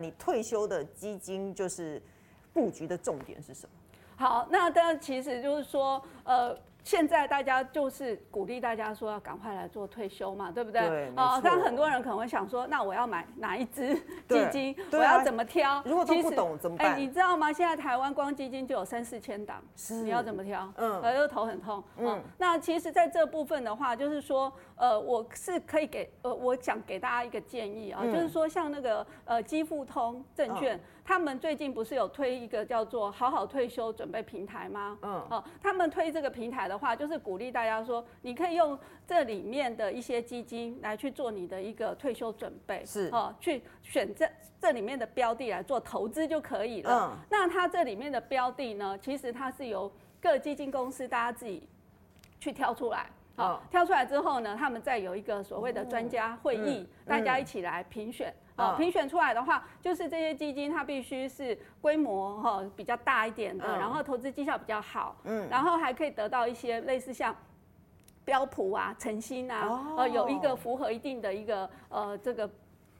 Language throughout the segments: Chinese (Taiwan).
你退休的基金就是佈局的重點是什麼？好，那但其實就是說，呃。現在大家就是鼓勵大家說要趕快來做退休嘛，對不對？啊、哦喔，但很多人可能會想說，那我要買哪一支基金？啊、我要怎麼挑？如果都不懂怎麼辦？哎、欸，你知道嗎？現在台灣光基金就有三四千檔，是，你要怎麼挑？嗯，我、呃、就頭很痛。嗯、喔，那其實在這部分的話，就是說，呃，我是可以給呃，我想給大家一個建議啊、喔嗯，就是說，像那個呃，基富通證券、嗯，他們最近不是有推一個叫做“好好退休準備平台”嗎？嗯，哦、喔，他們推這個平台的話，話就是鼓勵大家說，你可以用這裡面的一些基金來去做你的一個退休準備，是啊、哦，去選這這裡面的標的來做投資就可以了、嗯。那它這裡面的標的呢，其實它是由各基金公司大家自己去挑出來，好、嗯哦，挑出來之後呢，他們再有一個所謂的專家會議、嗯嗯嗯，大家一起來評選。哦、oh.，評選出來的話，就是這些基金它必須是規模哈、哦、比較大一點的，oh. 然後投資績效比較好，嗯、um.，然後還可以得到一些類似像標普啊、晨星啊，oh. 呃，有一個符合一定的一個呃這個。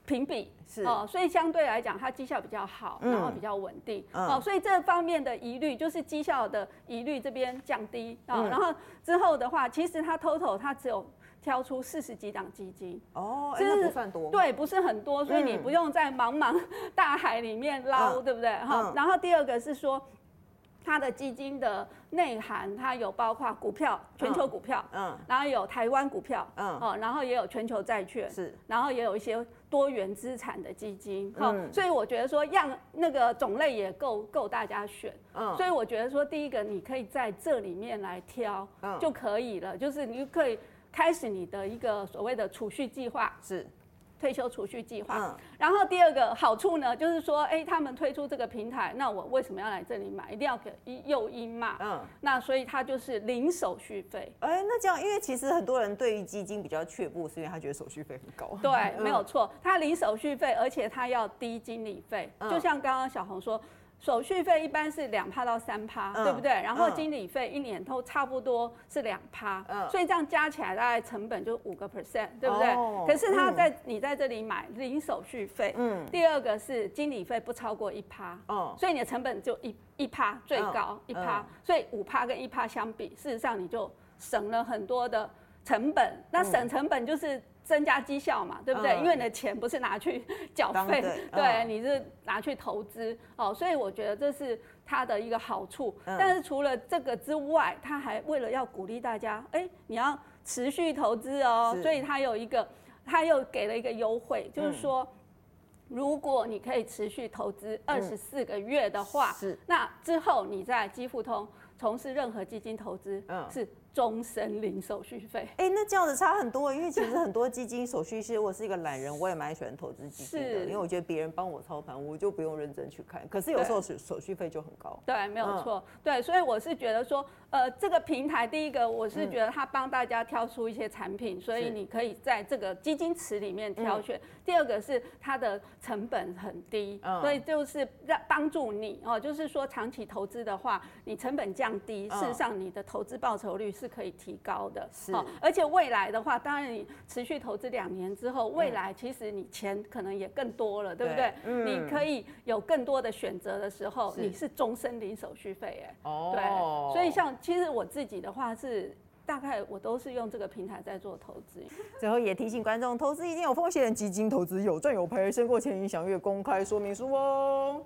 評比是哦，所以相對來講，它績效比較好、嗯，然後比較穩定、嗯、哦，所以這方面的疑慮就是績效的疑慮這邊降低啊、嗯哦，然後之後的話，其實它 total 它只有挑出四十幾檔基金哦，真的、欸、不算多、就是，對，不是很多，所以你不用在茫茫大海裡面撈、嗯，對不對？哈、嗯，然後第二個是說。它的基金的內涵，它有包括股票、全球股票，嗯，然後有台灣股票，嗯，哦，然後也有全球債券，是，然後也有一些多元資產的基金，好，所以我覺得說，讓那個種類也夠夠大家選，嗯，所以我覺得說，第一個你可以在這裡面來挑，嗯，就可以了，就是你可以開始你的一個所謂的儲蓄計劃，是。退休儲蓄計劃，然後第二個好處呢，就是說、欸，他們推出這個平台，那我為什麼要來這裡買？一定要給誘因嘛。嗯，那所以它就是零手續費、嗯。那這樣，因為其實很多人對於基金比較卻步，是因為他覺得手續費很高、嗯。對，沒有錯，它零手續費，而且它要低經理費。就像剛剛小紅說。手續費一般是兩趴到三趴，uh, 對不對？然後經理費一年都差不多是兩趴，uh, 所以這樣加起來大概成本就五個 percent，對不對？Oh, 可是他在，嗯，你在這裡買零手續費，嗯，第二個是經理費不超過一趴，oh, 所以你的成本就一一趴，最高一趴，uh, 所以五趴跟一趴相比，事實上你就省了很多的成本。那省成本就是。增加績效嘛，對不對、哦？因為你的錢不是拿去繳費，對，對、哦，你是拿去投資哦，所以我覺得這是它的一個好處。嗯、但是除了這個之外，他還為了要鼓勵大家，哎，你要持續投資哦，所以他有一個，他又給了一個優惠，就是說，嗯、如果你可以持續投資二十四個月的話，嗯、那之後你在基富通。從事任何基金投資、嗯、是終身零手續費。哎，那這樣子差很多，因為其實很多基金手續費。我是一個懶人，我也蠻喜歡投資基金的，因為我覺得別人幫我操盤，我就不用認真去看。可是有時候手手續費就很高。對，沒有錯、嗯。對，所以我是覺得說，呃，這個平台，第一個我是覺得它幫大家挑出一些產品、嗯，所以你可以在這個基金池裡面挑選。嗯、第二個是它的成本很低，嗯、所以就是讓幫助你哦，就是說長期投資的話，你成本價降低，事實上你的投資報酬率是可以提高的。哦、是，而且未來的話，當然你持續投資兩年之後，未來其實你錢可能也更多了，嗯、對不對，對、嗯？你可以有更多的選擇的時候，是你是終身領手續費哎。哦。對。所以像其實我自己的話是大概我都是用這個平台在做投資。最後也提醒觀眾，投資一定有風險，基金投資有賺有賠，申購前請詳閱公開說明書哦。